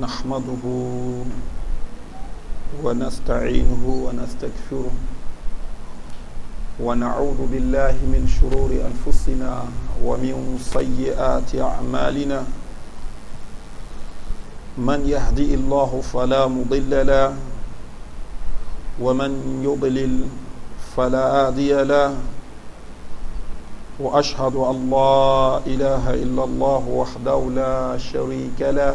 نحمده ونستعينه ونستكفره ونعوذ بالله من شرور أنفسنا ومن سيئات أعمالنا من يهدي الله فلا مضل له ومن يضلل فلا هادي له واشهد ان لا اله الا الله وحده لا شريك له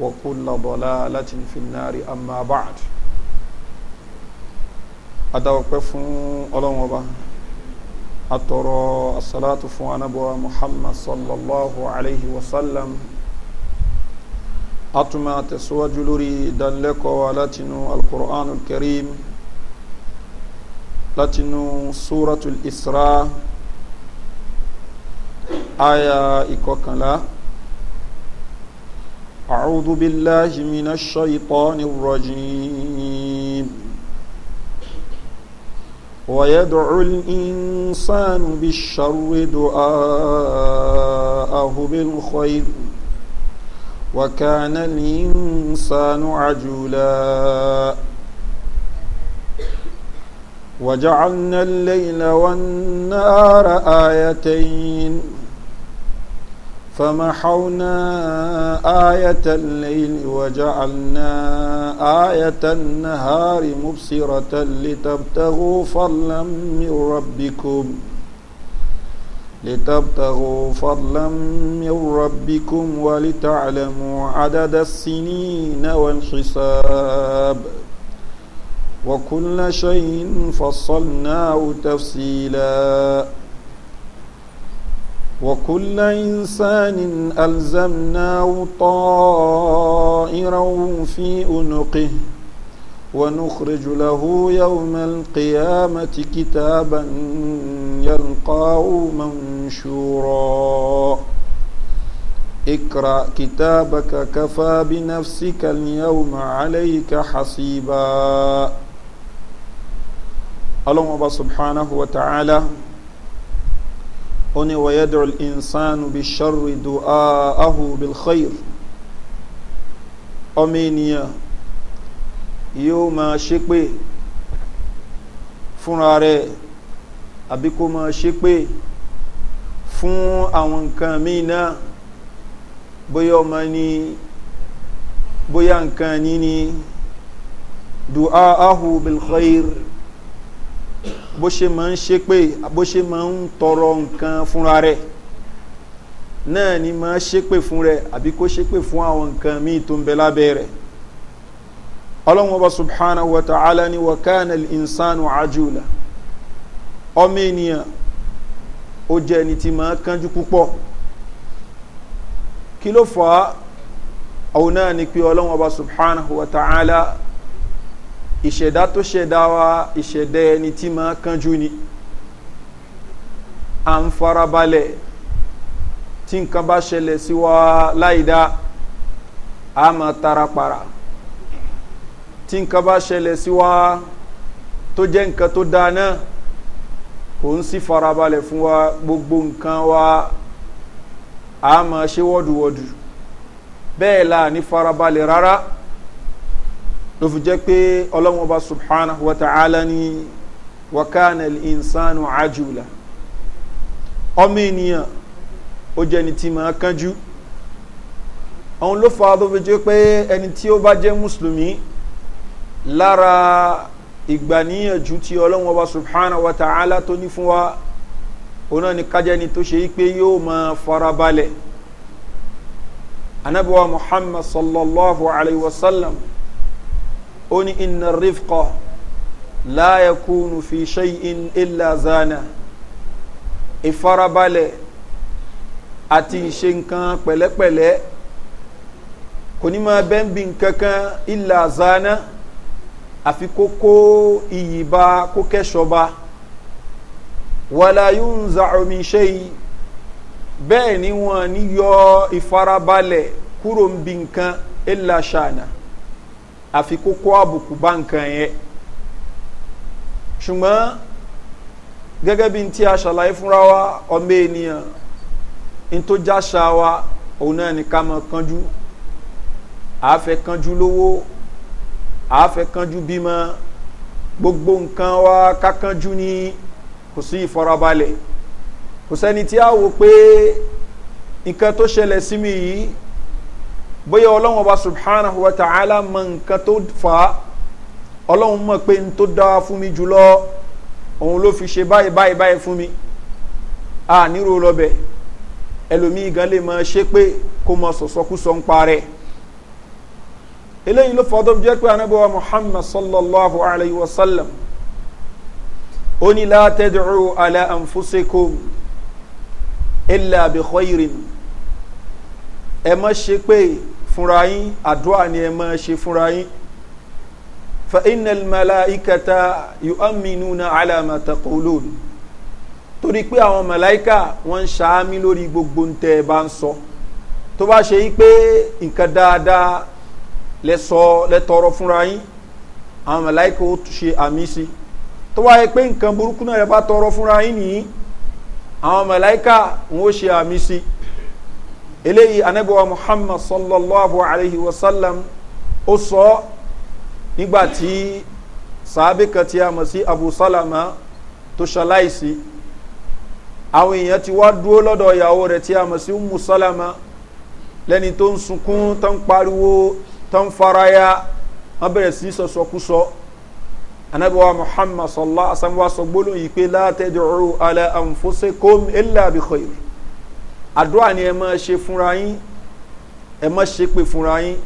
وكل ضلالة في النار أما بعد أدوك فون ألوم وبا أترى الصلاة فون أبو محمد صلى الله عليه وسلم أتما تسوى جلوري دلك ولتن القرآن الكريم لتن سورة الإسراء آية إكوكلا أعوذ بالله من الشيطان الرجيم ويدعو الإنسان بالشر دعاءه بالخير وكان الإنسان عجولا وجعلنا الليل والنهار آيتين فمحونا آية الليل وجعلنا آية النهار مبصرة لتبتغوا فضلا من ربكم لتبتغوا فضلا من ربكم ولتعلموا عدد السنين والحساب وكل شيء فصلناه تفصيلاً وكل إنسان ألزمناه طائرا في أنقه ونخرج له يوم القيامة كتابا يلقاه منشورا اقرأ كتابك كفى بنفسك اليوم عليك حصيبا اللهم سبحانه وتعالى ó ní wàyẹ́dọ̀ ìnsánu bí sọ́rọ̀ ìdò ahu bilkhair ọmọ ènìyàn yóò máa ṣépè fúnra rẹ̀ àbí kó máa ṣépè fún àwọn nǹkan míì náà bóyá ọmọ ni bóyá nǹkan ní ni dùá ahu bó ṣe máa ń ṣe pé bó ṣe máa ń tọrọ nǹkan fúnra rẹ̀ náà ni máa ṣépè fún rẹ̀ àbí kó ṣépè fún àwọn nǹkan míì tó ń bẹ lábẹ́ rẹ̀ ọlọ́run ọba subhana wa ta'ala ni wa kana insanu ajula ọmọ ènìyàn ó jẹ́ ẹni tí máa kánjú púpọ̀ kí ló fà á òun náà ni pé ọlọ́run ọba subhana wa ta'ala ìṣẹ̀dá tó ṣẹ̀dá wa ìṣẹ̀dá ẹni tí máa kánjú ni à ń farabalẹ̀ tí nǹkan bá ṣẹlẹ̀ sí wa láìda a máa tara para tí nǹkan bá ṣẹlẹ̀ sí wa tó jẹ́ nǹkan tó dáa náà kò ń sí farabalẹ̀ fún wa gbogbo nǹkan wa a máa ṣe wọ́dùwọ́dù bẹ́ẹ̀ la ní farabalẹ̀ rárá ló fi jẹ́ pé ọlọ́run ọba subhana wa ta'ala ni wakana insanu ajula ọmọ ènìyàn ó jẹ́ ni tí máa kánjú òun ló fa tó fi jẹ́ pé ẹni tí ó bá jẹ́ mùsùlùmí lára ìgbàníyànjú tí ọlọ́run ọba subhana wa ta'ala tó ní fún wa òun náà ni tó ṣe yí pé yóò máa farabalẹ̀ anabiwa muhammad sallallahu alayhi wa sallam ó ní iná rifkọ láyé kúnnù fi ṣe in ilà zana ìfarabalẹ̀ àti ìṣe nǹkan pẹ̀lẹ́pẹ̀lẹ́ kò ní máa bẹ́ẹ̀ bí nǹkan kan ilà zana àfi kó kó iyì ba kó kẹ́sọ̀ ba wàlá yóò ń za omi ṣe yìí bẹ́ẹ̀ ni wọ́n ní yọ ìfarabalẹ̀ kúrò ń bi nǹkan ilà ṣàna àfi kó kó àbùkù bá nǹkan yẹn ṣùgbọ́n gẹ́gẹ́ bí n tí a ṣàlàyé fúnra wa ọmọ ènìyàn n tó jáṣà wa òun náà ní ká mọ kanjú àáfẹ́ kanjú lówó àáfẹ́ kanjú bímọ gbogbo nǹkan wa ká ní kò sí ìfọrabalẹ̀ kò sẹ́ni tí a wò pé nǹkan tó ṣẹlẹ̀ sí mi yìí bóyá ọlọ́run ọba subhanahu wa ta'ala mọ nǹkan tó fà á ọlọ́run mọ̀ pé n tó dáa fún mi jùlọ òun ló fi ṣe báyìí báyìí báyìí fún mi a nírò lọ́bẹ̀ ẹlòmíì gan lè máa ṣe pé kó mọ sọ̀sọ́kúsọ ń parẹ́ eléyìí ló fọdọ́ jẹ́ pé anábọ́wá muhammad sallallahu alayhi wa sallam ó ní alẹ́ àǹfọ́sẹ́kọ́m ilẹ̀ àbíkọ́ ìrìn ẹ mọ́ ṣe pé fúnra yín àdúrà ni ẹ máa ṣe fúnra yín fa inal malaikata yu aminuna alama takolon torí pé àwọn malaika wọn ń ṣàámi lórí gbogbo ń tẹ ẹ bá ń sọ tó bá ṣe yí pé nǹkan dáadáa lẹ sọ lẹ tọrọ fúnra yín àwọn mọ̀láìkò ṣe àmì sí tó wáyé pé nǹkan burúkú náà rẹ bá tọrọ fúnra yín nìyí àwọn mọ̀láìkà wọn ó ṣe àmì sí eléyìí anabiwa muhammad sallallahu alayhi wa sallam ó sọ nígbà tí sàábì kan tí a mọ̀ sí abu salama tó ṣaláìsí àwọn èèyàn ti wá dúró lọ́dọ̀ ìyàwó rẹ̀ tí a mọ̀ sí umu salama lẹ́ni tó ń sunkún tó ń pariwo tó ń faraya wọ́n bẹ̀rẹ̀ sí sọ̀sọ̀kúsọ anabiwa muhammad sallallahu alayhi wa sallam wá sọ gbólóhùn pé látẹ̀dùrú alẹ́ àǹfọ̀sẹ̀kọ́m ẹ̀là àbíkọ́ yìí àdúrà ni ẹ máa ṣe fúnra yín ẹ máa ṣe pé fúnra yín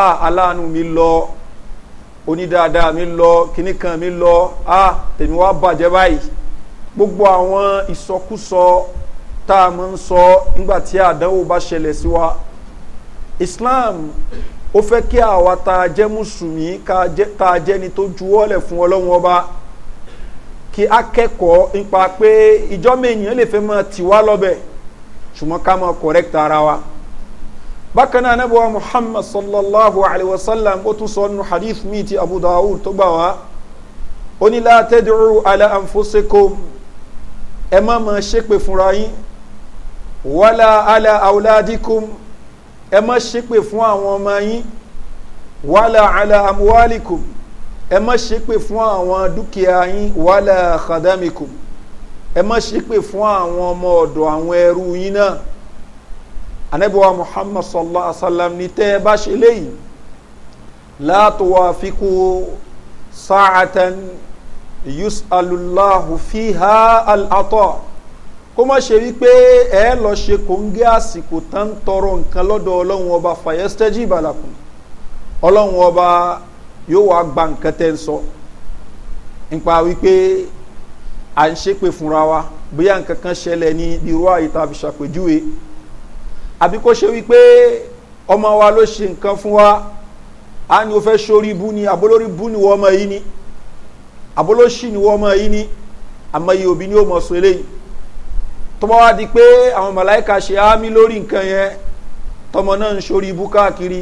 a aláàánú mi lọ onídàádáa mi lọ kíníkan mi lọ a tèmi wá bàjẹ́ báyìí gbogbo àwọn ìsọkúsọ tá a máa ń sọ nígbà tí àdánwò bá ṣẹlẹ̀ sí wa islam ó fẹ́ kí àwa tá a jẹ́ mùsùlùmí tá a jẹ́ni tó juwọ́lẹ̀ fún ọlọ́run ọba kí a nípa pé ìjọ́mọ̀ lè fẹ́ máa tì wá lọ́bẹ̀ẹ́ ṣùgbọ́n ká máa correct ara wa bákan náà anábọ̀wá muhammad sallallahu alayhi wa sallam ó tún sọ nù hadith mi ti abu dawud tó gbà wá ó ní látẹ́dùrú ala anfoseko ẹ má máa ṣépè fúnra yín wàlá ala auladikum ẹ má ṣépè fún àwọn ọmọ yín wàlá ala amuwalikum ẹ má ṣépè fún àwọn dúkìá yín wàlá khadamikum ẹ má ṣépè fún àwọn ọmọ ọ̀dọ̀ àwọn ẹrú yín náà anabiwa muhammad sallallahu alaihi wa sallam ní tẹ́ ẹ bá ṣe léyìí láàtò wà fíkú sa'atan yusalulahu fiha al'atọ́ kó má ṣe wípé ẹ lọ ṣe kòńgẹ́ àsìkò tán tọrọ nǹkan lọ́dọ̀ ọlọ́run ọba fayestẹ́jì ìbàlàkùn ọlọ́run ọba yóò wá gba nǹkan tẹ́ ń sọ nípa wípé à ń ṣépè fúnra wa bóyá nǹkan kan ṣẹlẹ̀ ní irú àyíká àfi ṣàpèjúwe àbí kó ṣe wípé ọmọ wa ló ṣe nǹkan fún wa á ní o fẹ́ sórí bú ni àbólórí bú ni wọ́n ọmọ yìí ni àbólóṣì ni wọ́n ọmọ yìí ni àmọ́ iye òbí ni ó mọ̀ sọ eléyìí tọmọ wa di pé àwọn màláìka ṣe ámì lórí nǹkan yẹn tọmọ náà ń sórí ibú káàkiri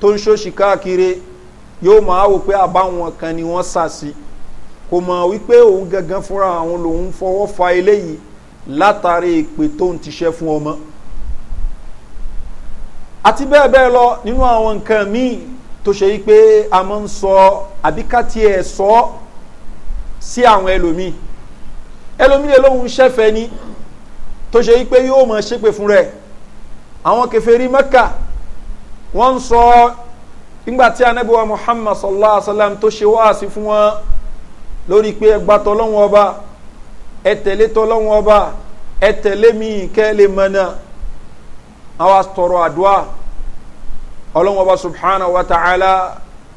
tó ń ṣòṣì káàkiri yóò máa wò pé àbáwọn kan ni wọ́n sà sí i kò mọ̀ wípé òun gangan fúnra àwọn lòun fọwọ́ fa eléyìí látàrí ìpè tó ń tiṣẹ́ fún ọmọ àti bẹ́ẹ̀ bẹ́ẹ̀ lọ nínú àwọn nǹkan míì tó ṣe yí pé a máa ń sọ àbíkátí ẹ̀ sọ sí àwọn ẹlòmíì ẹlòmíì lè lóun ṣẹ̀fẹ̀ ni tó ṣe yí pé yóò mọ̀ ṣépè fún rẹ̀ àwọn kẹfẹ́rí mẹ́kà wọ́n ń sọ nígbà tí anábíwá muhammad sallallahu alayhi wa sallam tó ṣe wáàsí fún wọn lórí pé ẹ gbàtọ̀ lọ́wọ́n ọba ẹ tẹ̀lé tọ́ lọ́wọ́n ọba ẹ tẹ̀lé mi kẹ́ ẹ lè mọ̀nà àwa tọrọ àdúrà ọlọ́wọ́n ọba subhanahu wa ta'ala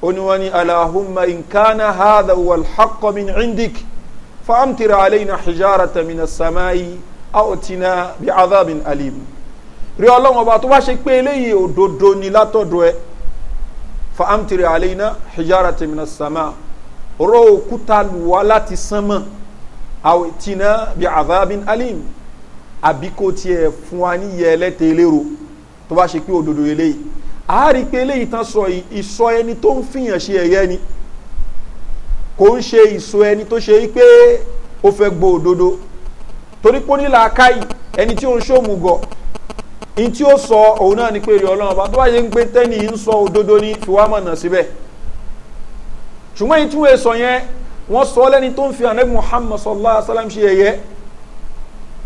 oníwọ́n ni alahumma nkana hadha wal haqqo min indik fa'amtira alayna hijarata min as-samai aotina bi adhabin alim rí ọlọ́wọ́n ọba tó bá ṣe pé eléyìí òdodo ni látọ̀dọ̀ ẹ fa'amtira alayna hijarata min as rọ òkúta lù wá láti sánmọ̀ àwòtínà bí azabin alim àbí kò tiẹ̀ fún wa níyẹ ẹlẹ́tẹ̀ eléro tó bá ṣe pé òdodo eléyìí a rí pé eléyìí tán sọ ìsọ ẹni tó ń fìyàn ṣe ẹ̀yẹ ni kò ń ṣe ìsọ ẹni tó ṣe pé ó fẹ́ gbọ́ òdodo torí pé onílà akáyì ẹni tí ó ń ṣòmù gọ̀ ní tí ó sọ òun náà ni pé èrè ọlọ́run bá tó bá ṣe ń pé tẹ́ni ń sọ òdodo ní fi wá mọ̀nà síbẹ̀ ṣùgbọ́n èyí tí wọ́n sọ yẹn wọ́n sọ lẹ́ni tó ń fi anabi muhammad sallallahu alayhi wa sallam ṣe yẹyẹ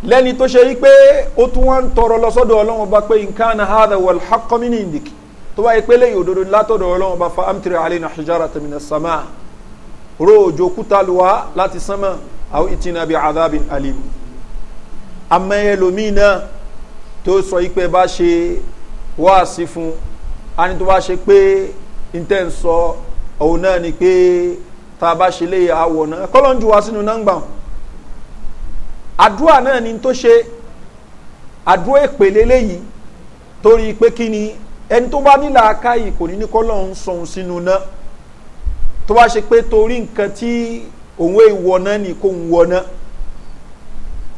lẹ́ni tó ṣe yí pé ó tún wá ń tọrọ lọ́sọ́dọ̀ ọlọ́run ọba pé nǹkan ahada wal haqqamini indik tó wáyé pé lẹ́yìn òdodo látọ̀dọ̀ ọlọ́run ọba fa amtiri alina hijara tamina sama ro òjò luwa láti sánmà àwọn ìtìnàbí adabin alim àmọ́ ẹlòmíì náà tó sọ yí pé bá ṣe wáàsí fún ani bá ṣe pé n tẹ́ ń òun náà ni pé tá a bá ṣe lè àwọ̀ náà wá sínú náà ń gbà àdúrà náà ni tó ṣe àdúrà èpèlé léyìí torí pé kí ni ẹni tó bá nílà akáyì kò ní ní kọ́lọ́n sọ̀hún sínú náà tó bá ṣe pé torí nǹkan tí òun wọ̀ náà ni kò ń wọ̀ náà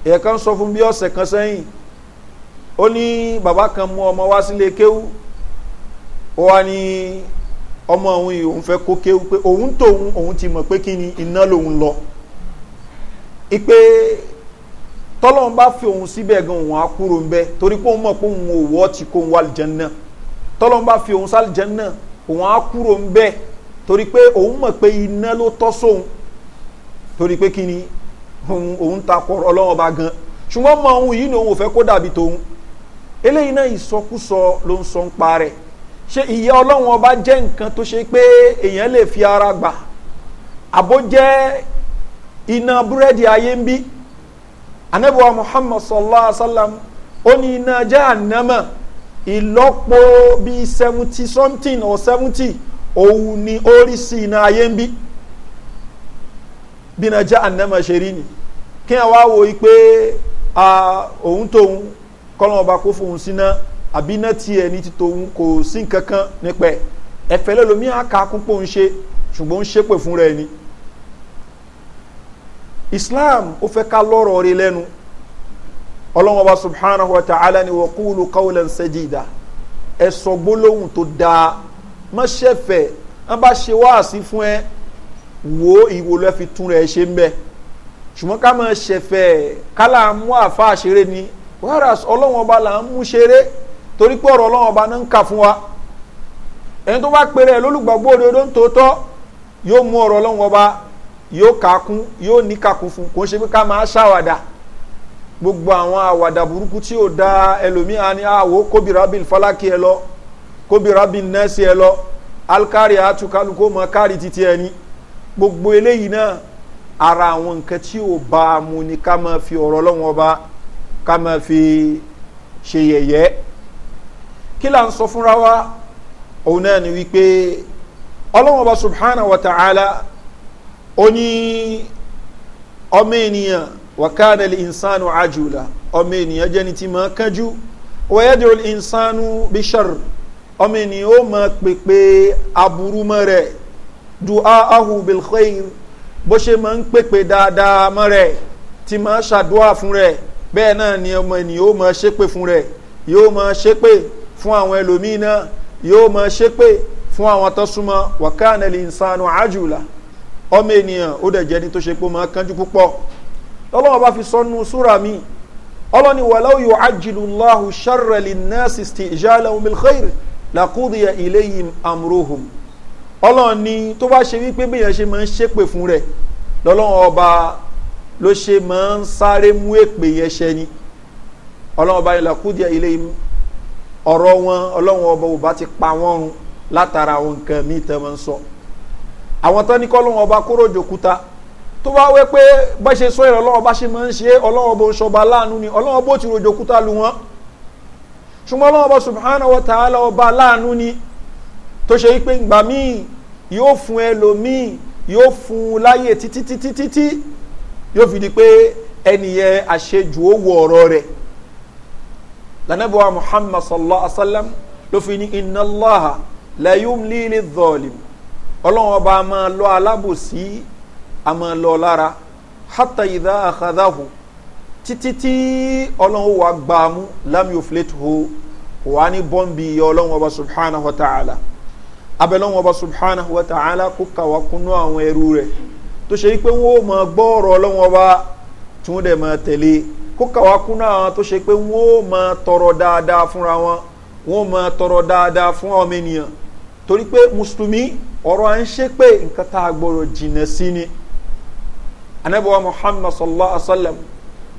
èèyàn kan sọ fún bí ọ̀sẹ̀ kan sẹ́yìn ó ní bàbá kan mú ọmọ wá sílé kéwú ó wá ní. ọmọ òun yìí òun fẹ́ kó kéwú pé òun tóun òun ti mọ̀ pé kí ni iná lòun lọ ipe tọ́lọ́n bá fi òun síbẹ̀ gan òun á kúrò ń bẹ́ torí pé òun mọ̀ pé òun ò wọ́ ti kó òun wà lìjẹ́ náà tọ́lọ́n bá fi òun sálìjẹ́ náà òun á kúrò ń bẹ́ torí pé òun mọ̀ pé iná ló tọ́ sóun torí pé kí ni òun ta kọ ọlọ́wọ́n bá gan ṣùgbọ́n mọ òun yìí ni òun ò fẹ́ kó dàbí tòun eléyìí náà ìsọkúsọ ló ń sọ ń pa se ìyá ọlọ́run ọba jẹ́ nǹkan tó ṣe pé èèyàn lè fi ara gbà àbó jẹ́ iná búrẹ́dì ayé ń bí anabiwa muhammad sallallahu alaihi wa sallam ó ní iná jẹ́ ànámọ̀ seventy something or seventy òun ni ó rí sí iná ayé ń bí bí iná jẹ́ ànámọ̀ ni kí wọ́n wá wo pé òun tóun kó fóun àbí iná tiẹ̀ ní titòun kò sí nǹkan kan nípa ẹ̀ ẹ̀fẹ́ lẹ́lòmí àka púpọ̀ ń ṣe ṣùgbọ́n ń ṣépè fún rẹ̀ ni islam ó fẹ́ ká lọ́rọ̀ rí lẹ́nu ọlọ́wọ́n bá subhanahu wa ta'ala ni wọ́n kúlù kawulẹ̀ ń sẹ́jìdá ẹ sọ gbólóhùn tó dáa má ṣẹ̀fẹ̀ wọ́n bá ṣe wáàsí fún ẹ wo ìwò lọ́ fi tún rẹ̀ ṣe ń bẹ ṣùgbọ́n ká máa ṣẹ̀fẹ̀ kálá mú àfa ṣeré ni whereas ọlọ́wọ́n bá là ń mú ṣeré torí pé ọ̀rọ̀ ọlọ́wọ́n ọba náà ń kà fún wa ẹni tó bá pèrè ẹ̀ lólùgbàgbọ́ òdodo ń tòótọ́ yóò mú ọ̀rọ̀ ọlọ́wọ́n ọba yóò kàkún yóò ní kàkún fún kò ń ṣe pé ká máa ṣàwàdà gbogbo àwọn àwàdà burúkú tí ò da ẹlòmíà ni àwò kóbìrábìn fálákì ẹ lọ kóbìrábìn nẹ́ẹ̀sì ẹ lọ alkari àtúkálukó mọ kárì títí ẹni gbogbo eléyìí náà ara àwọn nǹkan tí ò bá a mú ni ká máa fi ọ̀rọ̀ ọlọ́wọ́n ọba ká máa fi ṣe yẹ̀yẹ́ kí là ń sọ fúnra wa òun náà ni wípé ọlọ́wọ́n bá subhana wa ta'ala ó ní ọmọ ènìyàn wàkádà lè ìsánú àjùlá ọmọ ènìyàn jẹ́ni tí máa kánjú wọ́yẹ́dẹ̀ olè ìsánú bishar ọmọ ènìyàn ó máa pèpè aburú mọ́ dua ahu bilkhair bó ṣe máa ń pèpè dáadáa mọ́ tí máa ṣàdúrà fún rẹ̀ bẹ́ẹ̀ náà ni ọmọ ènìyàn ó máa ṣépè fún rẹ̀ yóò máa ṣépè fún àwọn ẹlòmíì náà yóò mọ ṣépè fún àwọn tó súnmọ́ wàkánà lè sànù àjùlá ọmọ ènìyàn ó dẹ̀ jẹ́ ní tó ṣe pé mọ́ kánjú púpọ̀ lọ́lọ́wọ́ bá fi sọnù súra mi ọlọ́ni wàláwù yóò ájìlú ṣàrẹ̀lì nọ́ọ̀sì ìjálẹ̀ omilkhair làkúdìyà ilé yìí amúróhùn ọlọ́ni tó bá ṣe wípé bí yẹn ṣe máa ń ṣépè fún rẹ̀ lọ́lọ́wọ́ ọba ló ṣe máa ń sáré mú èpè yẹn ṣẹ ni ọlọ́wọ́ bá yẹn làkúdìyà ilé yìí ọ̀rọ̀ wọn ọlọ́run ọba ò bá ti pa wọ́n run látara àwọn nǹkan míì tẹ́ wọ́n ń sọ àwọn tán ní kọ́lọ́run ọba kúrò jòkúta tó bá wẹ́ pé bá ṣe sọ ìrọ̀ ọlọ́run ọba ṣe máa ń ṣe ọlọ́run ọba ṣọba láàánú ni ọlọ́run ọba ti rojò kúta lu wọn ṣùgbọ́n ọlọ́run ọba subhanahu wa ta'ala ọba láàánú ni tó ṣe wípé ìgbà míì yóò fún ẹlòmíì yóò fún un láyè títítítítí yóò fi di pé ẹnìyẹn àṣejù ó wọ ọ̀rọ̀ rẹ̀ lànàbí wa muhammad sallallahu alaihi wa sallam ló fi ní iná lọ́ha lẹ́yìn líle zọ́ọ̀lìm ọlọ́run ọba a máa lọ alábòsí a máa lọ lára hátà ìdá àkàdáhù títí tí ọlọ́run wa gbà mú lámì òfìlétò wà ní bọ́m̀bì ọlọ́run ọba subhanahu wa ta'ala abẹ́lọ́run ọba subhanahu wa ta'ala kó kàwá kúnú àwọn ẹrú rẹ̀ tó ṣe wípé wọ́n máa gbọ́ ọ̀rọ̀ ọlọ́run ọba tí dẹ̀ máa tẹ̀lé kó kàwá kúnná àwọn tó ṣe pé wọ́n ó máa tọrọ dáadáa fúnra wọn wọ́n ó máa tọrọ dáadáa fún ọmọ ènìyàn torí pé mùsùlùmí ọ̀rọ̀ à ń ṣe pé nǹkan tá a gbọ́dọ̀ jìnnà sí ni anabiwa muhammad sallallahu alaihi wa sallam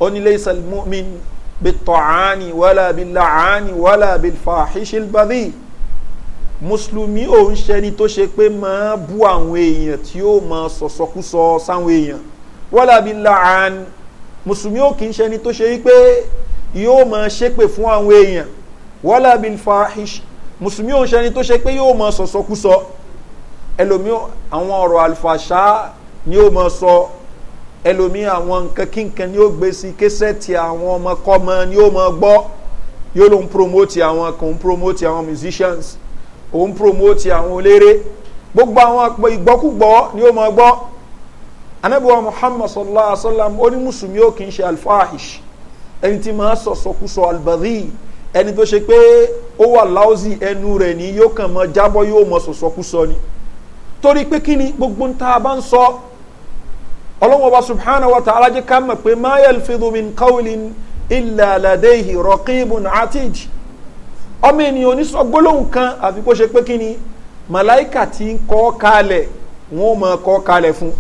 onílé isalmumin bitɔ̀caani wala bilacaani wala bilfaxishilbadi mùsùlùmí ò ń ṣẹni tó ṣe pé máa bú àwọn èèyàn tí ó máa sọ̀sọ̀kúsọ sáwọn èèyàn wala bilacaani mùsùlùmí ò kì í ṣẹni tó ṣe wípé yóò máa ṣépè fún àwọn èèyàn wọ́lá bin fahish mùsùlùmí ò ń ṣẹni tó ṣe pé yóò máa sọ̀sọ̀kúsọ ẹlòmí àwọn ọ̀rọ̀ àlùfàṣá ni ó máa sọ ẹlòmí àwọn nǹkan kíkan ni ó gbé sí késẹ́ẹ̀tì àwọn ọmọkọ́mọ ni ó máa gbọ́ yóò ló ń promote àwọn kan ń promote àwọn musicians òun promote àwọn eléré gbogbo àwọn ìgbọ́kúgbọ́ ni ó máa gbọ́ anabiwa muhammad sallallahu alaihi wa sallam ó ní mùsùlùmí ó kì í ṣe alfahish ẹni tí máa sọ̀sọ̀kúsọ albadhi ẹni tó ṣe pé ó wà láòsì ẹnu rẹ̀ ní yóò kàn mọ́ jábọ́ yóò mọ sọ̀sọ̀kúsọ ni torí pé kí ni gbogbo ń ta bá ń sọ ọlọ́wọ́n ọba subhanahu wa ta'ala jẹ́ ká mọ̀ pé mayel fidumin kawulin ilẹ̀ aladehi rọ̀kìbùn atij ọmọ ènìyàn onísọ gbólóhùn kan àfi kó ṣe pé kí ni màláìkà ti ń kọ́ kalẹ̀ wọ́n mọ̀ kọ́ kalẹ̀ fún un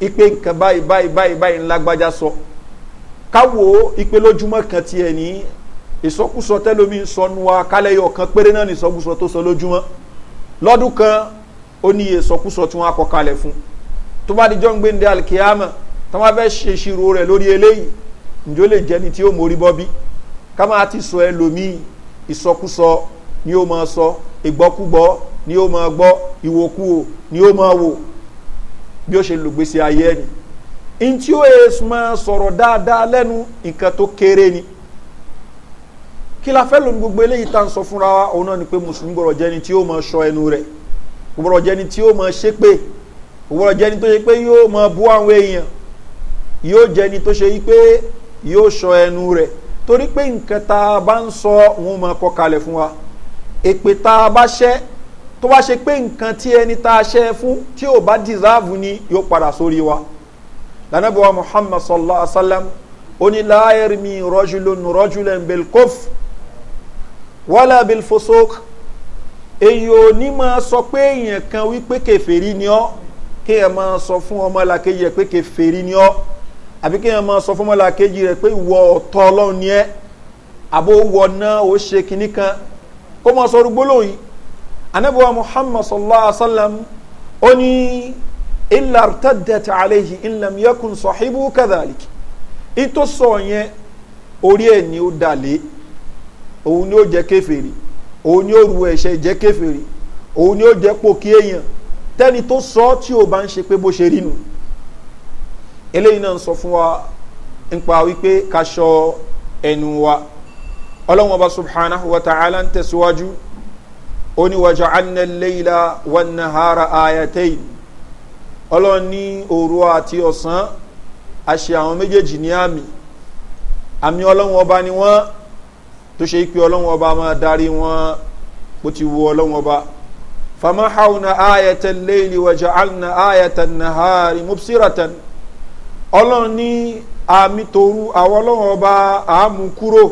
ipe nǹkan báyìí báyìí báyìí báyìí ńlágbájá sọ káwo ipe lójúmọ́ kan tiẹ̀ ní ìsọkúsọ tẹ́lómi sọnù wa kálẹ́yọ̀ kan péré náà ní ìsọkúsọ tó sọ lójúmọ́ lọ́dún kan ó ní ìsọkúsọ tí wọ́n á kọ kalẹ̀ fún tó bá di jọ́ ń gbé ndé alikiyama tó bá fẹ́ ṣe ìṣirò rẹ̀ lórí eléyìí njó lè jẹ́ ni tí ó mórí bọ́ bí ká máa ti sọ ẹlòmíì ìsọkúsọ ni ó máa sọ ìgbọ́kúgbọ́ ni ó máa gbọ́ ìwòkúwò ni ó máa wò bí ó ṣe lògbèsè ayé ẹni in tí ó èsù máa sọ̀rọ̀ dáadáa lẹ́nu nǹkan tó kéré ni kí la fẹ́ lónìí gbogbo eléyìí tá à sọ fúnra wa òun náà ni pé mùsùlùmí gbọ́dọ̀ jẹ́ ni tí ó máa sọ ẹnu rẹ̀ gbọ́dọ̀ jẹ́ ni tí ó máa ṣe pé gbọ́dọ̀ jẹ́ ni tó ṣe pé yóò máa bú àwọn èèyàn yóò jẹ́ ni tó ṣe pé yóò sọ ẹnu rẹ̀ torí pé nǹkan tá a bá ń sọ òun máa kọ kalẹ̀ fún wa èpè tá a bá ṣẹ́ tó wá ṣe pé nǹkan tí ẹni tá a ṣe fún tí ò bá dìsáàbù ni yóò padà sórí wa lànàbíwá muhammad sallallahu alaihi wa sallam oníláyẹrìmí rọjùlọn rọjùlọn belkof wàlà belfosok èyí ò ní máa sọ pé èèyàn kan wípé kẹfẹ́rí ni ọ́ kí ẹ máa sọ fún ọmọlàkejì rẹ pé kẹfẹ́rí ni ọ́ àbí kí ẹ máa sọ fún ọmọlàkejì rẹ pé ìwọ ọ̀tọ̀ ọlọ́run ni ẹ́ àbó wọ náà ó ṣe kinní kan kó máa sọ orúgbó lóyìn anabuwa muhammad sallallahu alaihi wa sallam ó ní ilà tàdàtà àlejì ìlàm yẹkùn sọ̀hìbù kàdàlík ìtò sọ yẹn orí ẹ̀ ni ó dalẹ̀ òun ni ó jẹ́ kéfèrè òun ni ó ru ẹ̀ṣẹ̀ jẹ́ kéfèrè òun ni ó jẹ́ pòkí èèyàn tẹ́ni tó sọ tí o bá ń ṣe pé bó ṣe rí nu eléyìí náà ń sọ fún wa nípa wípé ká ẹnu wa ọlọ́run ọba subhanahu wa ta'ala ń tẹ̀síwájú ó ní wàjú anilẹ́yìlá wọnàhárà ayatollah ọlọ́run ní òru àti ọ̀sán àṣẹ àwọn méjèèjì ní àmì àmì ọlọ́run ọba ni wọ́n tó ṣe pé ọlọ́run ọba máa darí wọn bó ti wo ọlọ́run ọba famahawna ayatollah wàjú alna ayatollah mubsiratan ọlọ́run ní àmì toru àwọn ọlọ́run ọba àmú kúrò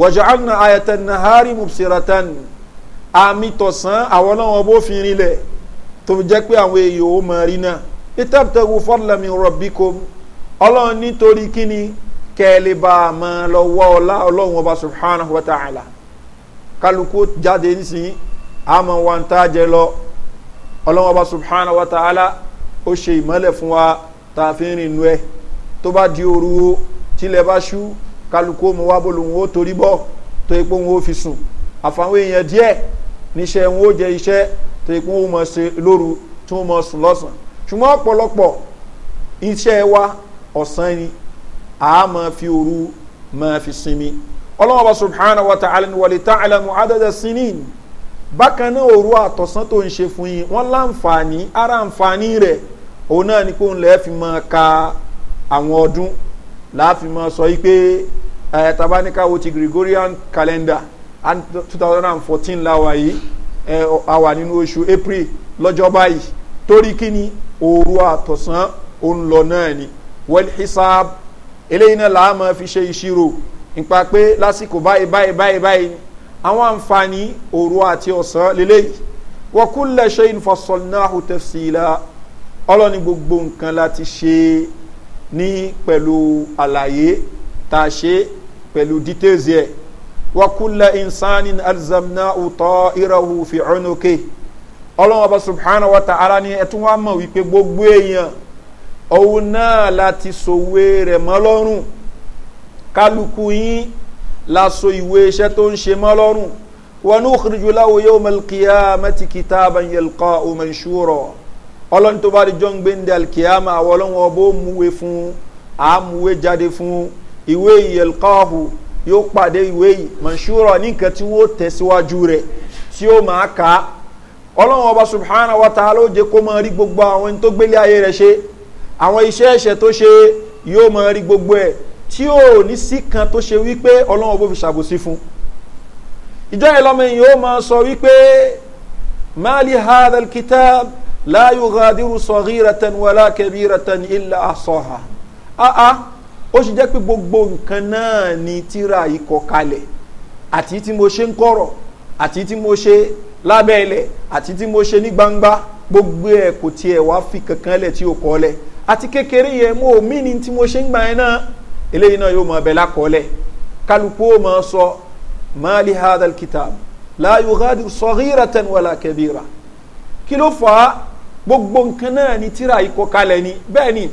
wàjú alna ayatollah mubsiratan àmì tọ̀sán àwọn ọlọ́wọ́n bó fi rinlẹ̀ tó jẹ́ pé àwọn èèyàn ó mọ̀ rí náà ìtàbùtàwù fọ́dùlàmì rọ̀bìkọ ọlọ́run nítorí kíni kẹ́lẹ́ bá a mọ̀ lọ́wọ́ ọlá ọlọ́run ọba subhanahu wa ta'ala kálukú jáde nísìnyí àmọ́ wa ń tàjẹ́ lọ ọlọ́run ọba subhanahu wa ta'ala ó ṣe ìmọ́lẹ̀ fún wa tá a fi ń rìn nú tó bá di ooru o tilẹ̀ bá ṣú kálukú mọ̀ wá bolo wọn ó torí bọ́ tó yẹ pé wọn ó fi sùn àfàwọn èèyàn díẹ̀ níṣẹ́ wọn ó jẹ iṣẹ́ tó yẹ kí wọ́n mọ̀ ṣe lóru tí wọ́n mọ̀ sùn lọ́sàn ṣùgbọ́n ọ̀pọ̀lọpọ̀ iṣẹ́ wa ọ̀sán ni a máa fi òru máa fi sinmi ọlọ́wọ́n bá subhanahu wa ta'ala ni wàlẹ̀ ta'ala mu adada sinin bákan náà òru àtọ̀sán tó ń ṣe fún yín wọ́n láǹfààní ara àǹfààní rẹ̀ òun náà ni pé òun lẹ́ẹ̀ fi máa ka àwọn ọdún láàfin máa sọ yí pé ẹ̀ẹ́dàbáníkàwó ti gregorian calendar 2014 two thousand and fourteen la wà yìí ẹ àwà nínú oṣù april lọ́jọ́ báyìí torí kí ni òru àtọ̀sán òun lọ náà ni well hisab eléyìí náà làá máa fi ṣe ìṣirò nípa pé lásìkò báyìí báyìí báyìí báyìí àwọn àǹfààní òru àti ọ̀sán lélẹ́yìí wọ́n kú lẹ́ṣẹ́ ìfọ̀sọ̀nàhù tẹ̀síìlà ọlọ́ni gbogbo nǹkan láti ṣe ní pẹ̀lú àlàyé tá pẹ̀lú details yẹn. وكل إنسان ألزمناه طائره في عنقه ọlọ́wọ́n ọba subhana wa ta'ala ni ẹ tún wá mọ̀ wípé gbogbo èèyàn òun náà láti sòwe rẹ̀ mọ́ lọ́rùn kálukú yín la so ìwé iṣẹ́ tó ń ṣe mọ́ lọ́rùn wọn ní òkèrèjò láwo yóò mẹ́lìkìyà mẹ́tìkìtà àbáyẹ̀lùkọ́ òmẹ̀ṣúrọ̀ ọlọ́ni tó bá di jọ́ ń alkiyama àwọn ọlọ́wọ́n ọba ó múwe fún àmúwe jáde fún ìwé ìyẹ̀lùkọ́ ọ̀hún yóò pàdé ìwé yìí mọ̀ṣúrọ̀ ní nǹkan tí wọ́n tẹ̀síwájú rẹ̀ tí ó máa kà á ọlọ́run ọba subhanahu wa ta'ala ó jẹ́ kó máa rí gbogbo àwọn ẹni tó gbélé ayé rẹ̀ ṣe àwọn iṣẹ́ ẹ̀ṣẹ̀ tó ṣe yóò máa rí gbogbo ẹ̀ tí ò ní sí kan tó ṣe wípé ọlọ́run ọba fi ṣàbòsí fún ìjọ ìlọmọ yìí ó máa sọ wípé máàlì hadal kitab láyò gadiru sọ̀ríratan wàlá kẹbíratan ilà àsọ̀hà ó sì jẹ́ pé gbogbo nǹkan náà ni tíra ikọ̀ kalẹ̀ àti tí mo ṣe ń kọ̀rọ̀ àti tí mo ṣe lábẹ́ ilẹ̀ àti tí mo ṣe ní gbangba gbogbo ẹ̀ kò tiẹ̀ wá fi kankan lẹ̀ tí ó kọ́ lẹ̀ àti kékeré yẹn mo mí ni tí mo ṣe ń gbà yẹn náà eléyìí náà yóò mọ ọbẹ̀ lákọọ́lẹ̀ kálukú ó máa sọ máàlì hadal kitab láàyò gádùn sọ̀rírà tẹ̀ wàlà kẹbíra kí ló fà á gbogbo nǹkan náà ni tíra ikọ̀ kalẹ̀ ni bẹ́ẹ̀ ni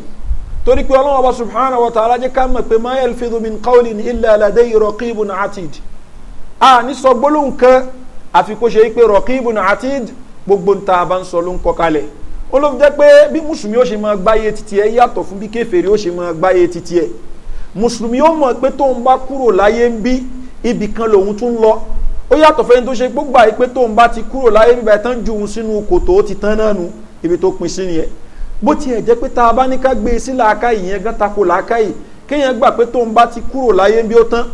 torí pé ọlọ́wọ́ bá subhanahu wa ta'ala jẹ́ ká mọ̀ pé ma yalfidhu min qawlin illa ladayhi raqibun atid a ní sọ gbólóhùn kan àfi kó ṣe pé raqibun atid gbogbo ń ta bá ń sọ ló ń kọ kalẹ̀ ó ló fi jẹ́ pé bí mùsùlùmí ó ṣe máa gbáyé titi ẹ yàtọ̀ fún bí kéfèrè ó ṣe máa gbáyé titi ẹ mùsùlùmí ó mọ̀ pé tóun bá kúrò láyé ń bí ibì kan lòun tún lọ ó yàtọ̀ fẹ́ni tó bó tiẹ̀ jẹ́ pé tá a bá ní ká gbé e sí làákàyè yẹn gan tako làákàyè kéèyàn gbà pé tóun bá ti kúrò láyé bí ó tán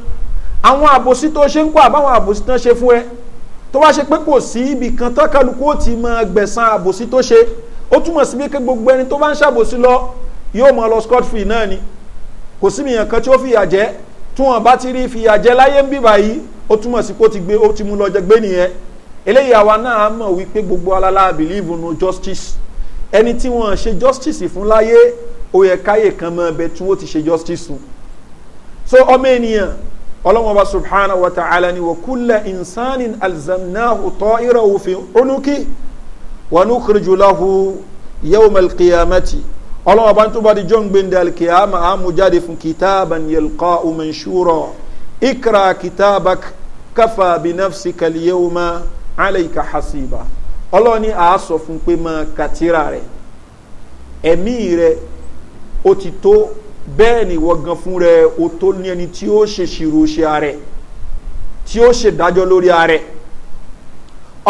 àwọn àbòsí tó ṣe ń kó àbáwọn àbòsí tán ṣe fún ẹ tó bá ṣe pé kò sí ibì kan tán kálukú ó ti máa gbẹ̀san àbòsí tó ṣe ó túmọ̀ sí pé gbogbo ẹni tó bá ń ṣàbòsí lọ yóò mọ lọ scott free náà ni kò sí mìíràn kan tí ó fìyà jẹ́ tí wọ́n bá ti rí fìyà jẹ́ láyé ń bíbà yìí ó túmọ̀ sí pé ó ti gbé ó ti mú lọ jẹ gbé nìyẹn eléyìí àwa náà mọ̀ wípé gbogbo alálà believe no justice ẹni tí wọ́n ṣe justice fún láyé ó káyè kan mọ́ ẹbẹ̀ tí wọ́n ti ṣe justice so ọmọ ènìyàn ọlọ́wọ́n bá subhanahu wa ta'ala ni wàkúlẹ̀ insanin alzamnahu tọ́ ìrọ̀ òfin onúkí wanúkìrìjùláhu yẹ́wò malkiyamati ọlọ́wọ́n bá ń tó bá di john gbendé alkiyama àmújáde fún kitaaba yelqa umanshuro ikra kitaabak kafa binafsi kaliyewuma alayka hasiba ọlọ́run ní a sọ fún pé máa kàtírà rẹ̀ ẹ̀mí rẹ̀ ó ti tó bẹ́ẹ̀ ni wọ́n gan fún rẹ̀ o tó ní ẹni tí ó ṣe ṣirò ṣe ààrẹ tí ó ṣe dájọ́ lórí ààrẹ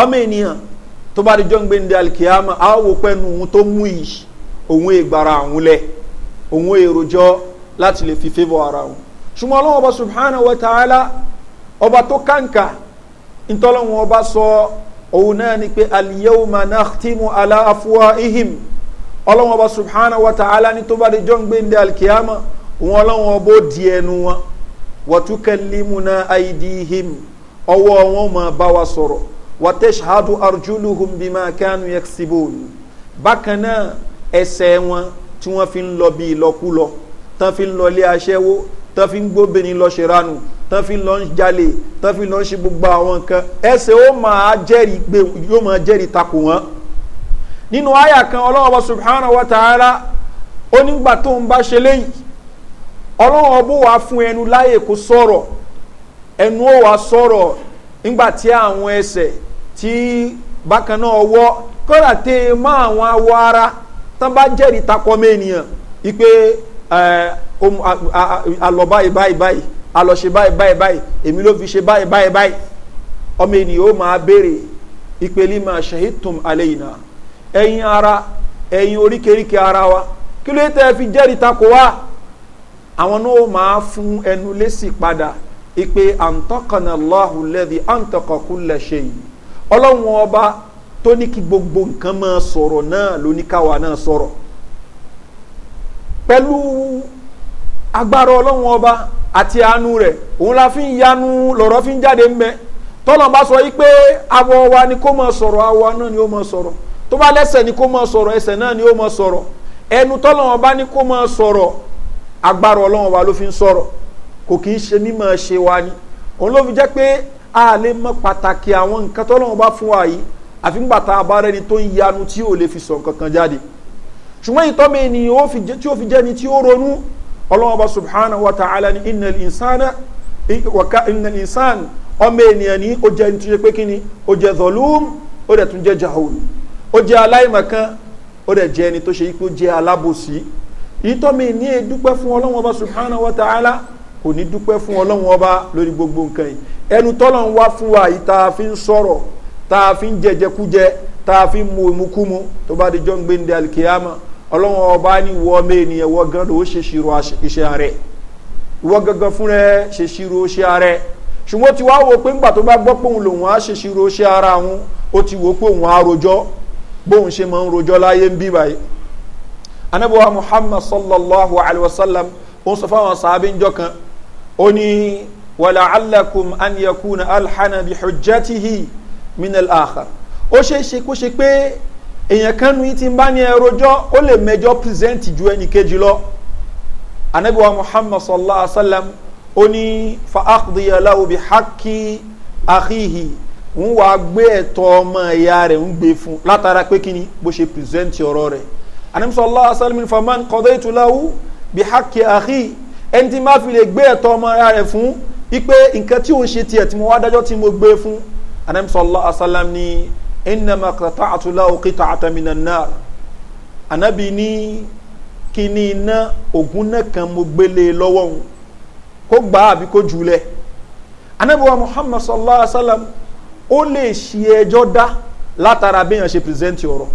ọmọ ènìyàn tó bá di jọ́ǹgbé ní alikiyama a wò pẹ́nu òun tó mú yìí òun ìgbàra àwọn lẹ̀ òun èròjọ́ láti lè fi fẹ́fọ́ ara òun ṣùgbọ́n ọlọ́wọ́ ọba subhanahu wa ta'ala ọba tó kàǹkà ntọ́lọ́wọ́ ọba sọ òun náà ni pé aliyahuma nakhtimu ala afwahihim ọlọ́wọ́n ọba subhanahu wa ta'ala ní tó bá di jọ́ ń gbé ndé alkiyama òun ọlọ́wọ́n ọba ó di ẹnu wọn wàtúkẹ́límùnà àìdíhìm ọwọ́ wọn máa bá wa sọ̀rọ̀ wàtẹ́ṣáàdù arjúlùhùn bí máa kánú yẹ́ksibón bákan náà ẹsẹ̀ wọn tí wọ́n fi ń lọ bí ìlọkulọ tán fi ń lọ ilé aṣẹ́wó tán fi ń gbóbìnrin lọ ṣèrànù tán fi lọ ń jalè tán fi lọ ń ṣe gbogbo àwọn nǹkan ẹsẹ̀ ó máa jẹ́rìí pé yóò máa jẹ́rìí takò wọ́n nínú àyà kan ọlọ́wọ́ bá subhanahu wa ta'ala ó nígbà tó ń bá ṣe léyìí ọlọ́wọ́ bó wàá fún ẹnu láyè kó sọ̀rọ̀ ẹnu ó wàá sọ̀rọ̀ nígbà tí àwọn ẹsẹ̀ tí bákan náà wọ́ kọ́dà tẹ mọ́ àwọn awọ ara tán bá jẹ́rìí takò mẹ́niyàn ipe àlọ́ báyìí báyìí báyìí a lọ ṣe báyìí báyìí báyìí èmi ló fi ṣe báyìí báyìí báyìí ọmọ ènìyàn ó máa béèrè ìpele máa ṣèhìtùm alẹ́ yìí náà ẹ̀yin ara ẹ̀yin ara wa kí ló tẹ́ fi jẹ́rìí takò wá àwọn náà ó máa fún ẹnu lẹ́sìn padà ìpè àǹtọ́kànnà lọ́hùn lẹ́dí àǹtọ́kọ̀kú lẹ́ṣẹ̀ yìí ọlọ́run ọba tó ní gbogbo nǹkan máa sọ̀rọ̀ náà náà sọ̀rọ̀ pẹ̀lú ọba àti àánú rẹ̀ òun la fi ń yanu lọ̀rọ̀ fi ń jáde ńbẹ tọ́lọ̀ bá sọ yí pé awọ wa ni kó mọ sọ̀rọ̀ awọ náà ni ó mọ sọ̀rọ̀ tó bá lẹ́sẹ̀ ni kó mọ sọ̀rọ̀ ẹsẹ̀ náà ni ó mọ sọ̀rọ̀ ẹnu tọ́lọ̀ wọn bá ní kó mọ sọ̀rọ̀ agbára ọlọ́wọ́n wa ló fi ń sọ̀rọ̀ kò kì í ṣe mímọ ṣe wa ni òun ló fi jẹ́ pé a lè mọ pàtàkì àwọn nǹkan tọ́lọ̀ bá fún wa yìí àfi ń gbàtà abárẹ́ni tó ń yanu tí ò lè fi sọ nǹkan kan jáde ṣùgbọ́n ìtọ́mọ ènìyàn tí ó fi jẹ́ ni tí ó ronú ọlọ́wọ́ba subhanahu wa ta'ala ni inna insana waka inna insan ọmọ ènìyàn ni ó jẹ́ nítorí pé kíni ó jẹ́ zọlúm ó dẹ̀ tún jẹ́ jahul ó jẹ́ aláìmọ̀kan ó dẹ̀ jẹ́ ẹni tó ṣe pé ó jẹ́ alábòsí ìtọ́mi ní èdúpẹ́ fún ọlọ́wọ́ba subhanahu wa ta'ala kò ní dúpẹ́ fún ọlọ́run ọba lórí gbogbo nǹkan yìí ẹnu tọ́lọ̀ ń wá fún wa yìí tá a fi ń sọ̀rọ̀ tá a fi ń jẹjẹkújẹ tá a fi ń mu ìmukúmu tó bá di jọ́ ń gbé ní alikiyama ọlọ́wọ́n ọba ní wọ́ ọmọ ènìyàn wọ́ gan ló ṣe ṣirò iṣẹ́ rẹ̀ wọ́ gangan fún rẹ̀ ṣe ṣirò iṣẹ́ rẹ̀ ṣùgbọ́n ti wá wo pé ńgbà tó bá gbọ́ pé òun lòun á ṣe ṣirò iṣẹ́ ara òun ó ti wò pé òun á rojọ́ bóun ṣe máa ń rojọ́ láyé ń bí báyìí anabuwa muhammad sallallahu alaihi wasallam ó ń sọ fáwọn sàábí ń kan ó ní wàlà alakum an yakuna alhana bi hujjatihi min ó ṣeé ṣe kó ṣe pé èèyàn kan nu yìí ti ń bá ní ẹrọjọ́ ó lè mẹjọ pírẹsẹ̀ntì ju ẹnì kejì lọ anabiwa muhammad sallallahu alaihi wa sallam ó ní fa akhdiyala obi haki ahihi ń wá gbé ẹ̀tọ́ ọmọ ẹ̀yà rẹ̀ ń gbé fún látara pé kí ni bó ṣe pírẹsẹ̀ntì ọ̀rọ̀ rẹ̀ anabi sallallahu alaihi wa sallam fa man kọ́dọ̀ ìtulawu bi haki ahihi ẹni tí má fi lè gbé ẹ̀tọ́ ọmọ ẹ̀yà rẹ̀ fún ipe nǹkan tí òun ṣe tiẹ̀ tí mo wá dájọ́ tí mo gbé fún anabi sallallahu alaihi wa sallam ni innama qata'tu lahu qita'atan minan nar anabi ní kíní iná ògùn náà kan mo gbélé e lọ́wọ́ òun kó gbà á àbí kó jùlẹ̀ anabi wa muhammad sallallahu alaihi wa sallam ó lè ṣe ẹjọ́ dá látara béèyàn ṣe pírẹsẹ́ǹtì ọ̀rọ̀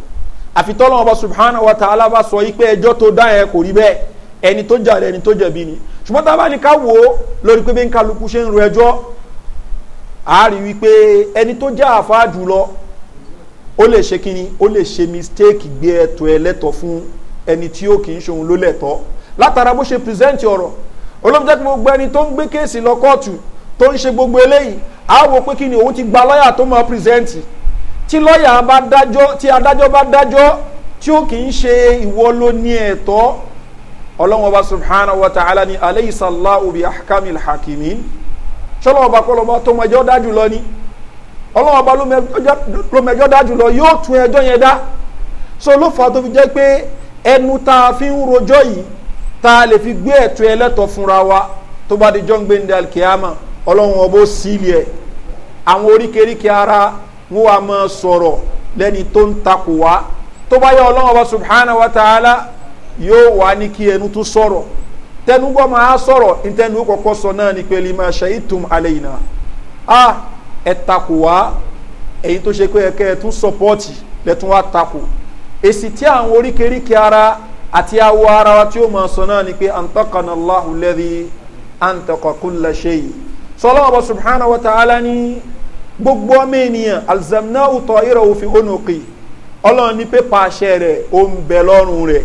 àfi tọ́lọ́wọ́n bá subhanahu wa ta'ala bá sọ yí pé ẹjọ́ tó dá yẹn kò rí bẹ́ẹ̀ ẹni tó jà rẹ̀ ẹni tó ni ṣùgbọ́n tá a bá ní ká wò lórí pé bí ń kálukú ṣe ń ro ẹjọ́ àárí wípé ẹni tó jẹ́ àfa jùlọ ó lè ṣe kí ni ó lè ṣe mistake gbé ẹ̀tọ́ ẹlẹ́tọ̀ fún ẹni tí ó kì í ṣohun ló lẹ̀tọ́ látara bó ṣe present ọ̀rọ̀ olóòjẹ́ tí gbogbo ẹni tó ń gbé kéèsì lọ kóòtù tó ń ṣe gbogbo eléyìí á wo pé kí ni òun ti gba lọ́ọ̀yà tó máa present tí lọ́ọ̀yà bá dájọ́ tí adájọ́ bá dájọ́ tí ó kì í ṣe ìwọ ló ní ẹ̀tọ́ ọlọ́wọ́n bá subhanahu wa ta'ala ni aleyhi sallahu bi ahkamil hakimin ṣọlọ́wọ́n bá kọlọ́wọ́ tó mọjọ́ dájú lọ ni ọlọ́run ọba ló mẹjọ́ dá jùlọ yóò tún ẹjọ́ yẹn dá so ló fà á tó fi jẹ́ pé ẹnu tá a fi ń rojọ́ yìí tá a lè fi gbé ẹ̀tọ́ ẹlẹ́tọ̀ fúnra wa tó bá di john gbendé alkeama ọlọ́run ọba ó sílì ẹ̀ àwọn oríkèéríkèé ara wọn wà máa sọ̀rọ̀ lẹ́ni tó ń takò wá tó bá yẹ ọlọ́run ọba subhanahu wa ta'ala yóò wá ní kí ẹnu tó sọ̀rọ̀ tẹnugbọ́ máa sọ̀rọ̀ ntẹnu kọ̀kọ́ sọ náà ni pé lè ṣe ìtum àlẹ́ yìí náà ẹ takò wá èyí tó ṣe pé ẹkẹ tún sọpọ́ọ̀tì lẹ́tún wá takò èsì tí àwọn oríkèéríkèé ara àti awọ ara wa tí ó máa sọ náà ni pé antakana allahu lẹ́dí antakakula ṣeyi sọlá ọba subhana wa ta'ala ni gbogbo ọmọ ènìyàn alzamna utọ ìrọ̀ òfin onókè ọlọ́run ní pépà àṣẹ rẹ̀ ó ń bẹ lọ́rùn rẹ̀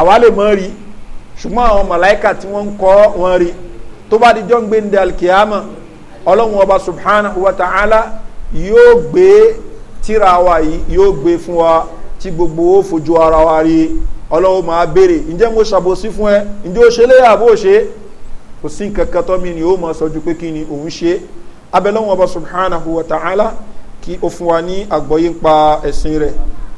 àwa lè mọ́ rí ṣùgbọ́n àwọn màláìkà tí wọ́n ń kọ́ wọn rí tó bá di jọ́ ń gbé ní dalkiyama ọlọ́run ọba subhanahu wa ta'ala yóò gbé tíra wa yìí yóò gbé fún wa tí gbogbo ó fojú ara wa rí ọlọ́run máa béèrè ǹjẹ́ mo ṣàbòsí fún ẹ ǹjẹ́ ó ṣe léyà bó ṣe kò sí nǹkan kan tọ́ mi ni ó mọ sọ́jú pé kí ni òun ṣe abẹ́lọ́run ọba subhanahu wa ta'ala kí ó fún wa ní àgbọ́yé ń pa ẹ̀sìn rẹ̀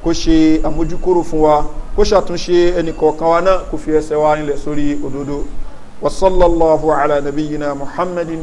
kó ṣe àmójúkúrò fún wa kó ṣàtúnṣe ẹnìkọ̀ọ̀kan wa náà kó fi ẹsẹ̀ wa nílẹ̀ sórí òdodo wasallallahu ala nabiyina muhammadin